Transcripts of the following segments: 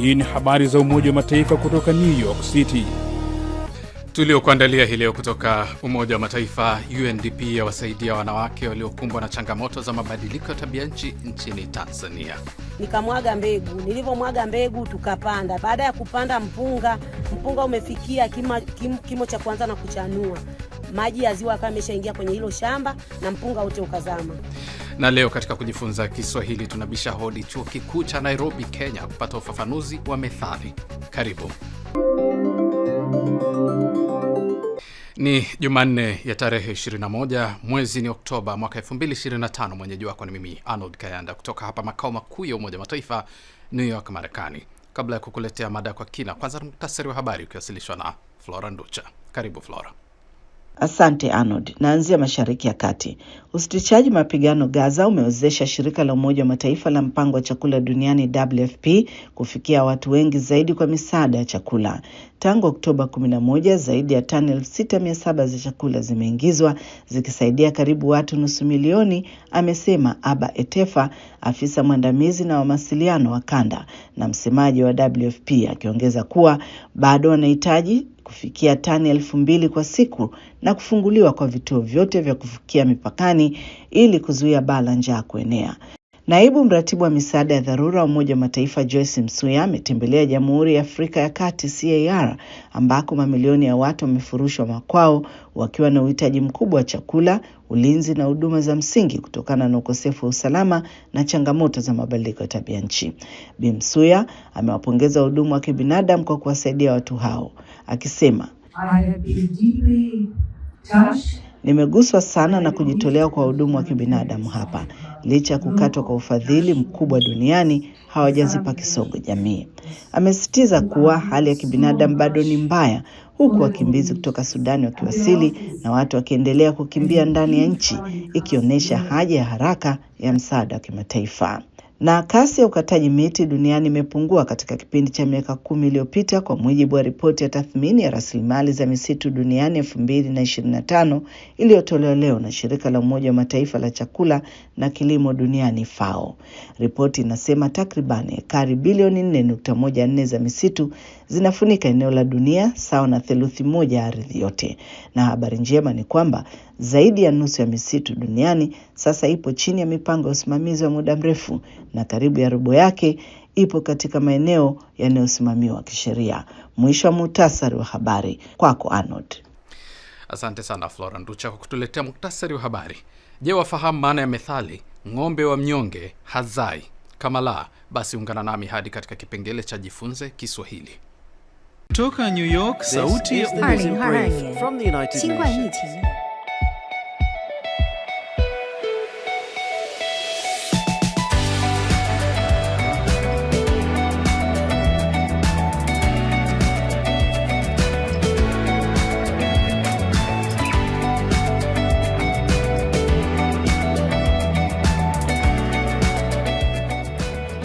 Hii ni habari za Umoja wa Mataifa kutoka New York City tuliokuandalia hii leo kutoka Umoja wa Mataifa. UNDP yawasaidia wanawake waliokumbwa na changamoto za mabadiliko ya tabia nchi nchini Tanzania. Nikamwaga mbegu, nilivyomwaga mbegu tukapanda. Baada ya kupanda mpunga, mpunga umefikia kima, kim, kimo cha kuanza na kuchanua, maji ya ziwa akawa ameshaingia kwenye hilo shamba na mpunga wote ukazama. Na leo katika kujifunza Kiswahili tunabisha hodi chuo kikuu cha Nairobi, Kenya, kupata ufafanuzi wa methali. Karibu. Ni Jumanne ya tarehe 21 mwezi ni Oktoba mwaka 225 Mwenyeji wako ni mimi Arnold Kayanda kutoka hapa makao makuu ya Umoja Mataifa, New York, Marekani. Kabla ya kukuletea mada kwa kina, kwanza muktasari wa habari ukiwasilishwa na Flora Nducha. Karibu Flora. Asante Arnold. Naanzia Mashariki ya Kati. Usitishaji mapigano Gaza umewezesha shirika la Umoja wa Mataifa la mpango wa chakula duniani WFP kufikia watu wengi zaidi kwa misaada ya chakula. Tangu Oktoba 11 zaidi ya tani saba za chakula zimeingizwa zikisaidia karibu watu nusu milioni, amesema Aba Etefa, afisa mwandamizi na wa mawasiliano wa kanda na msemaji wa WFP, akiongeza kuwa bado wanahitaji kufikia tani elfu mbili kwa siku na kufunguliwa kwa vituo vyote vya kuvukia mipakani ili kuzuia baa la njaa kuenea. Naibu mratibu wa misaada ya dharura wa Umoja wa Mataifa Joyce Msuya ametembelea Jamhuri ya Afrika ya Kati CAR ambako mamilioni ya watu wamefurushwa makwao wakiwa na uhitaji mkubwa wa chakula, ulinzi na huduma za msingi kutokana na ukosefu wa usalama na changamoto za mabadiliko ya tabia nchi. Bi Msuya amewapongeza wahudumu wa kibinadamu kwa kuwasaidia watu hao akisema, nimeguswa sana na kujitolea kwa wahudumu wa kibinadamu hapa licha ya kukatwa kwa ufadhili mkubwa duniani hawajazipa kisogo jamii. Amesisitiza kuwa hali ya kibinadamu bado ni mbaya, huku wakimbizi kutoka Sudani wakiwasili na watu wakiendelea kukimbia ndani ya nchi, ikionyesha haja ya haraka ya msaada wa kimataifa na kasi ya ukataji miti duniani imepungua katika kipindi cha miaka kumi iliyopita kwa mujibu wa ripoti ya tathmini ya rasilimali za misitu duniani elfu mbili na na tano iliyotolewa leo na shirika la Umoja wa Mataifa la chakula na kilimo duniani FAO. Ripoti inasema takriban ekari bilioni 4.14 za misitu zinafunika eneo la dunia sawa na theluthi moja ya ardhi yote, na habari njema ni kwamba zaidi ya nusu ya misitu duniani sasa ipo chini ya mipango ya usimamizi wa muda mrefu na karibu ya robo yake ipo katika maeneo yanayosimamiwa kisheria. Mwisho wa muhtasari wa habari. Kwako Arnold. Asante sana Flora Nducha kwa kutuletea muktasari wa habari. Je, wafahamu maana ya methali ng'ombe wa mnyonge hazai? Kama la, basi ungana nami hadi katika kipengele cha jifunze Kiswahili. Kutoka New York, sauti ya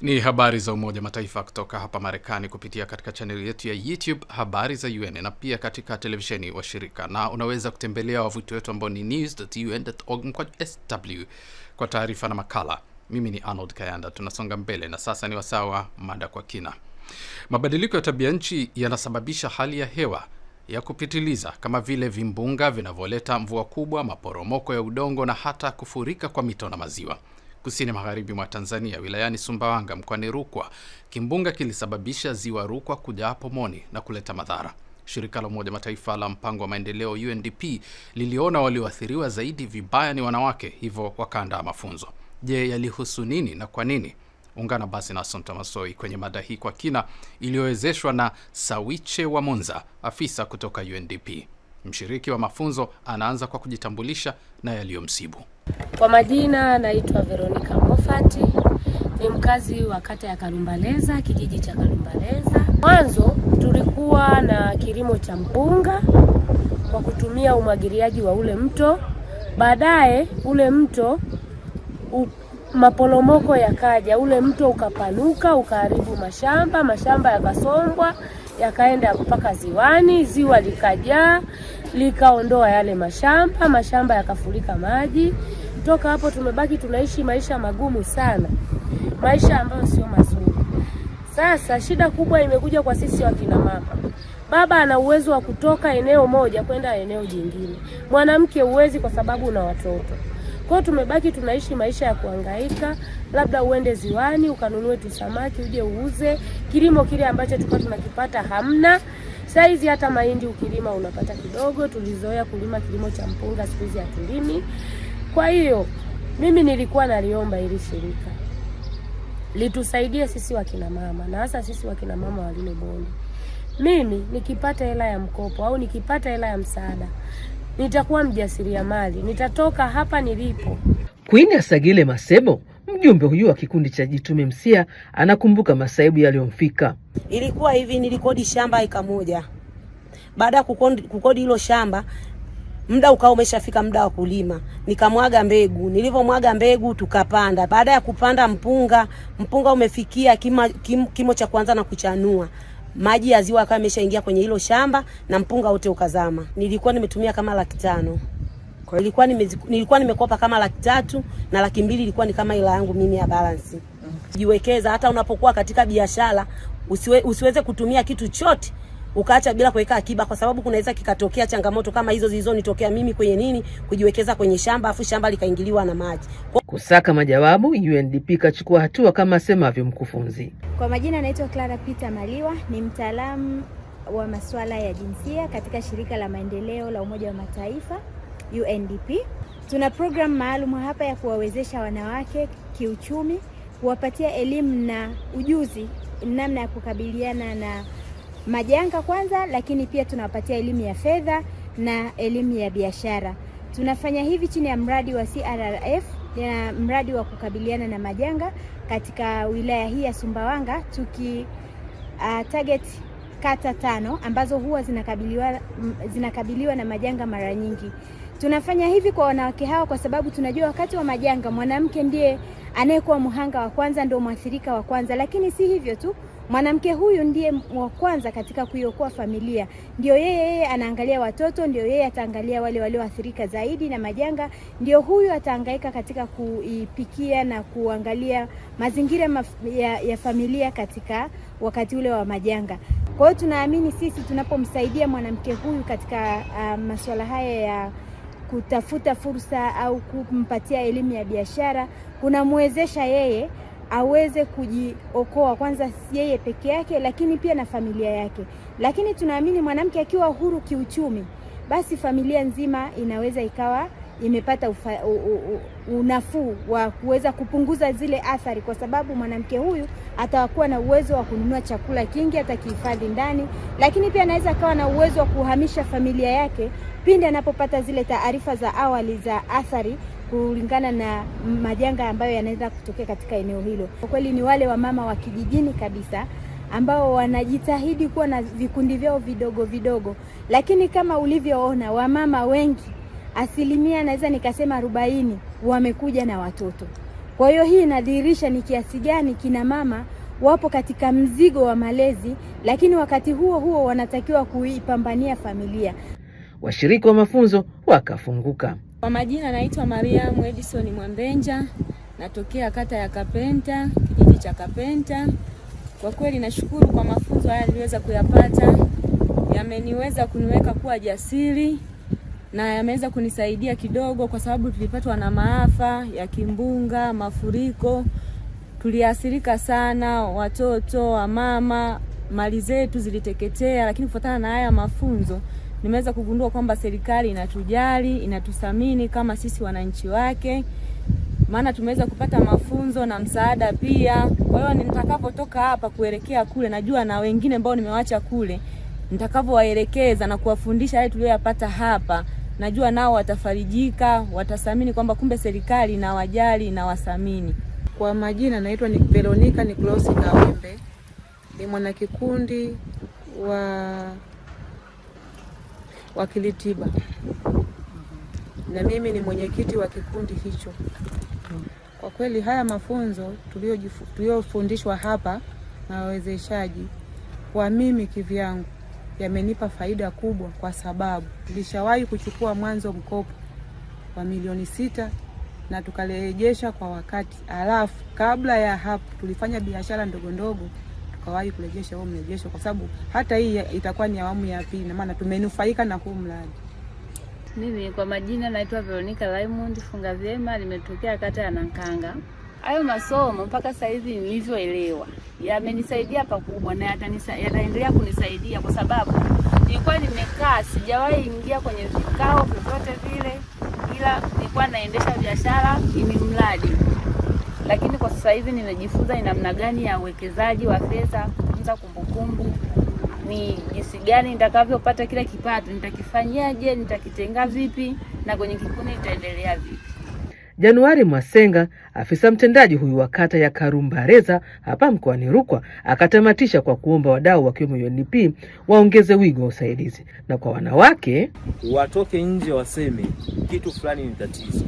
Ni habari za Umoja Mataifa kutoka hapa Marekani kupitia katika chaneli yetu ya YouTube habari za UN na pia katika televisheni wa shirika, na unaweza kutembelea wavuti wetu ambao ni news.un.org/sw kwa taarifa na makala. Mimi ni Arnold Kayanda. Tunasonga mbele na sasa ni wasawa wa mada kwa kina. Mabadiliko ya tabia nchi yanasababisha hali ya hewa ya kupitiliza kama vile vimbunga vinavyoleta mvua kubwa, maporomoko ya udongo na hata kufurika kwa mito na maziwa kusini magharibi mwa Tanzania, wilayani Sumbawanga mkoani Rukwa. Kimbunga kilisababisha ziwa Rukwa kujaa pomoni na kuleta madhara. Shirika la Umoja Mataifa la mpango wa maendeleo UNDP liliona walioathiriwa zaidi vibaya ni wanawake, hivyo wakaandaa mafunzo. Je, yalihusu nini na kwa nini? Ungana basi na Assunta Masoi kwenye mada hii kwa kina, iliyowezeshwa na Sawiche wa Monza, afisa kutoka UNDP. Mshiriki wa mafunzo anaanza kwa kujitambulisha na yaliyomsibu. Kwa majina naitwa Veronica Mofati, ni mkazi wa kata ya Kalumbaleza, kijiji cha Kalumbaleza. Mwanzo tulikuwa na kilimo cha mpunga kwa kutumia umwagiliaji wa ule mto, baadaye ule mto maporomoko yakaja, ule mto ukapanuka ukaharibu mashamba, mashamba yakasombwa yakaenda mpaka ziwani, ziwa likajaa likaondoa yale mashamba, mashamba yakafurika maji. Toka hapo tumebaki tunaishi maisha magumu sana, maisha ambayo sio mazuri. Sasa shida kubwa imekuja kwa sisi wakina mama. Baba ana uwezo wa kutoka eneo moja kwenda eneo jingine, mwanamke huwezi kwa sababu una watoto kwao tumebaki tunaishi maisha ya kuhangaika, labda uende ziwani ukanunue tu samaki uje uuze. Kilimo kile ambacho tulikuwa tunakipata hamna. Saizi hata mahindi ukilima unapata kidogo. Tulizoea kulima kilimo cha mpunga, siku hizi hatulimi. Kwa hiyo mimi nilikuwa naliomba ili shirika litusaidie sisi wakina mama, na hasa sisi wakina mama walime bonde. Mimi nikipata hela ya mkopo au nikipata hela ya msaada nitakuwa mjasiriamali, nitatoka hapa nilipo. Queen Asagile Masebo, mjumbe huyu wa kikundi cha Jitume Msia, anakumbuka masaibu yaliyomfika. Ilikuwa hivi, nilikodi shamba eka moja. Baada ya kukodi hilo shamba, muda ukawa umeshafika, muda wa kulima, nikamwaga mbegu. Nilivyomwaga mbegu, tukapanda. Baada ya kupanda mpunga, mpunga umefikia kima, kim, kimo cha kwanza na kuchanua maji ya ziwa yakawa yameshaingia kwenye hilo shamba na mpunga wote ukazama. Nilikuwa nimetumia kama laki tano kwa nilikuwa nime, nilikuwa nimekopa kama laki tatu na laki mbili ilikuwa ni kama ila yangu mimi ya balance. Mm. Jiwekeza hata unapokuwa katika biashara usiwe, usiweze kutumia kitu chote ukaacha bila kuweka akiba, kwa sababu kunaweza kikatokea changamoto kama hizo zilizonitokea mimi kwenye nini, kujiwekeza kwenye shamba afu shamba likaingiliwa na maji. Kusaka majawabu, UNDP ikachukua hatua kama asemavyo mkufunzi. Kwa majina anaitwa Clara Peter Maliwa, ni mtaalamu wa masuala ya jinsia katika shirika la maendeleo la Umoja wa Mataifa UNDP. Tuna program maalum hapa ya kuwawezesha wanawake kiuchumi, kuwapatia elimu na ujuzi namna ya kukabiliana na majanga kwanza, lakini pia tunawapatia elimu ya fedha na elimu ya biashara. Tunafanya hivi chini ya mradi wa CRRF na mradi wa kukabiliana na majanga katika wilaya hii ya Sumbawanga tuki uh, target kata tano ambazo huwa zinakabiliwa, zinakabiliwa na majanga mara nyingi. Tunafanya hivi kwa wanawake hawa kwa sababu tunajua wakati wa majanga mwanamke ndiye anayekuwa mhanga wa kwanza, ndio mwathirika wa kwanza, lakini si hivyo tu Mwanamke huyu ndiye wa kwanza katika kuiokoa familia, ndio yeye yeye anaangalia watoto, ndio yeye ataangalia wale walioathirika zaidi na majanga, ndio huyu ataangaika katika kuipikia na kuangalia mazingira maf ya, ya familia katika wakati ule wa majanga. Kwa hiyo tunaamini sisi tunapomsaidia mwanamke huyu katika uh, masuala haya ya kutafuta fursa au kumpatia elimu ya biashara kunamwezesha yeye aweze kujiokoa kwanza yeye peke yake, lakini pia na familia yake. Lakini tunaamini mwanamke akiwa huru kiuchumi, basi familia nzima inaweza ikawa imepata unafuu wa kuweza kupunguza zile athari, kwa sababu mwanamke huyu atakuwa na uwezo wa kununua chakula kingi, atakihifadhi ndani, lakini pia anaweza akawa na uwezo wa kuhamisha familia yake pindi anapopata zile taarifa za awali za athari kulingana na majanga ambayo yanaweza kutokea katika eneo hilo. Kwa kweli ni wale wamama wa kijijini kabisa ambao wanajitahidi kuwa na vikundi vyao vidogo vidogo, lakini kama ulivyoona wamama wengi, asilimia naweza nikasema arobaini wamekuja na watoto. Kwa hiyo hii inadhihirisha ni kiasi gani kina mama wapo katika mzigo wa malezi, lakini wakati huo huo wanatakiwa kuipambania familia. Washiriki wa mafunzo wakafunguka. Kwa majina naitwa Mariamu Edison Mwambenja, natokea kata ya Kapenta, kijiji cha Kapenta. Kwa kweli nashukuru kwa mafunzo haya niliweza kuyapata, yameniweza kuniweka kuwa jasiri na yameweza kunisaidia kidogo, kwa sababu tulipatwa na maafa ya kimbunga, mafuriko, tuliathirika sana, watoto, wamama, mali zetu ziliteketea, lakini kufuatana na haya mafunzo nimeweza kugundua kwamba serikali inatujali, inatuthamini kama sisi wananchi wake, maana tumeweza kupata mafunzo na msaada pia. Kwa hiyo nitakapotoka hapa kuelekea kule, najua na wengine ambao nimewacha kule, nitakavyowaelekeza na kuwafundisha yale tuliyoyapata hapa, najua nao watafarijika, watathamini kwamba kumbe serikali inawajali, inawathamini. Kwa majina naitwa ni Veronica Nicolas Kawembe, ni mwanakikundi wa wa Kilitiba na mimi ni mwenyekiti wa kikundi hicho. Kwa kweli haya mafunzo tuliyofundishwa hapa na wawezeshaji, kwa mimi kivyangu, yamenipa faida kubwa, kwa sababu tulishawahi kuchukua mwanzo mkopo wa milioni sita na tukarejesha kwa wakati, alafu kabla ya hapo tulifanya biashara ndogo ndogo wakawahi kurejesha huo mrejesho, kwa sababu hata hii itakuwa ni awamu ya pili, na maana tumenufaika na huu mradi. Mimi kwa majina naitwa Veronica Raymond Funga Vyema, nimetokea kata ya Nankanga. Hayo masomo mpaka sasa hivi nilivyoelewa yamenisaidia pakubwa na yataendelea kunisaidia kwa sababu nilikuwa nimekaa, sijawahi ingia kwenye vikao vyovyote vile, ila nilikuwa naendesha biashara ni mradi lakini kwa sasa hivi nimejifunza ni namna gani ya uwekezaji wa fedha, kutunza kumbukumbu, ni jinsi gani nitakavyopata kila kipato, nitakifanyaje, nitakitenga vipi, na kwenye kikundi nitaendelea vipi. Januari Mwasenga Afisa mtendaji huyu wa kata ya Karumbareza hapa mkoani Rukwa akatamatisha kwa kuomba wadau wakiwemo UNDP waongeze wigo wa usaidizi, na kwa wanawake watoke nje waseme kitu fulani ni tatizo,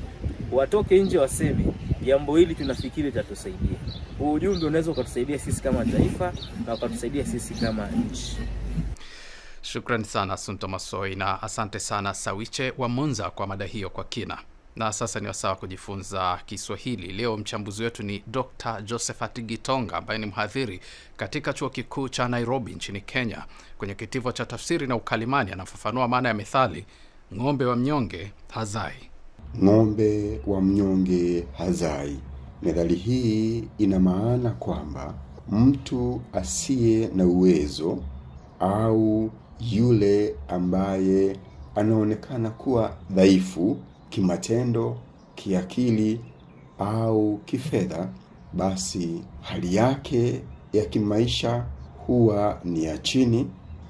watoke nje waseme jambo hili tunafikiri litatusaidia. Huu ujumbe unaweza ukatusaidia sisi kama taifa na ukatusaidia sisi kama nchi. Shukrani sana Sunto Masoi na asante sana Sawiche wa Monza kwa mada hiyo kwa kina. Na sasa ni wasawa kujifunza Kiswahili. Leo mchambuzi wetu ni Dr Josephat Gitonga ambaye ni mhadhiri katika chuo kikuu cha Nairobi nchini Kenya, kwenye kitivo cha tafsiri na ukalimani. Anafafanua maana ya methali ng'ombe wa mnyonge hazai. Ng'ombe wa mnyonge hazai. Methali hii ina maana kwamba mtu asiye na uwezo au yule ambaye anaonekana kuwa dhaifu kimatendo, kiakili au kifedha, basi hali yake ya kimaisha huwa ni ya chini,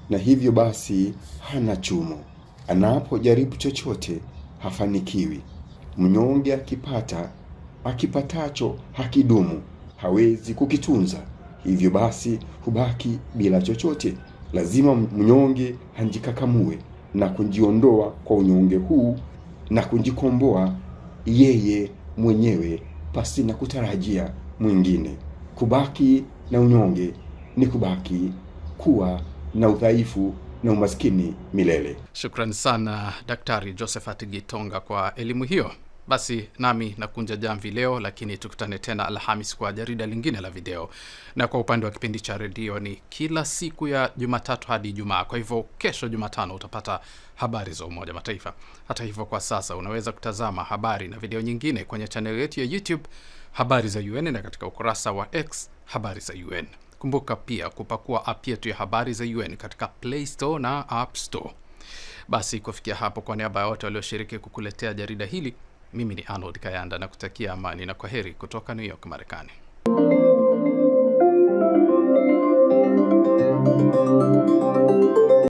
na hivyo basi hana chumo. Anapojaribu chochote hafanikiwi. Mnyonge akipata akipatacho hakidumu, hawezi kukitunza, hivyo basi hubaki bila chochote. Lazima mnyonge anjikakamue na kujiondoa kwa unyonge huu na kujikomboa yeye mwenyewe pasi na kutarajia mwingine. Kubaki na unyonge ni kubaki kuwa na udhaifu na umaskini milele. Shukrani sana Daktari Josephat Gitonga kwa elimu hiyo. Basi nami nakunja jamvi leo, lakini tukutane tena Alhamis kwa jarida lingine la video, na kwa upande wa kipindi cha redio ni kila siku ya Jumatatu hadi Ijumaa. Kwa hivyo kesho Jumatano utapata habari za Umoja Mataifa. Hata hivyo, kwa sasa unaweza kutazama habari na video nyingine kwenye chaneli yetu ya YouTube habari za UN na katika ukurasa wa X habari za UN. Kumbuka pia kupakua ap yetu ya habari za UN katika Play Store na App Store. Basi kufikia hapo, kwa niaba ya wote walioshiriki kukuletea jarida hili mimi ni Arnold Kayanda na kutakia amani na kwa heri kutoka New York, Marekani.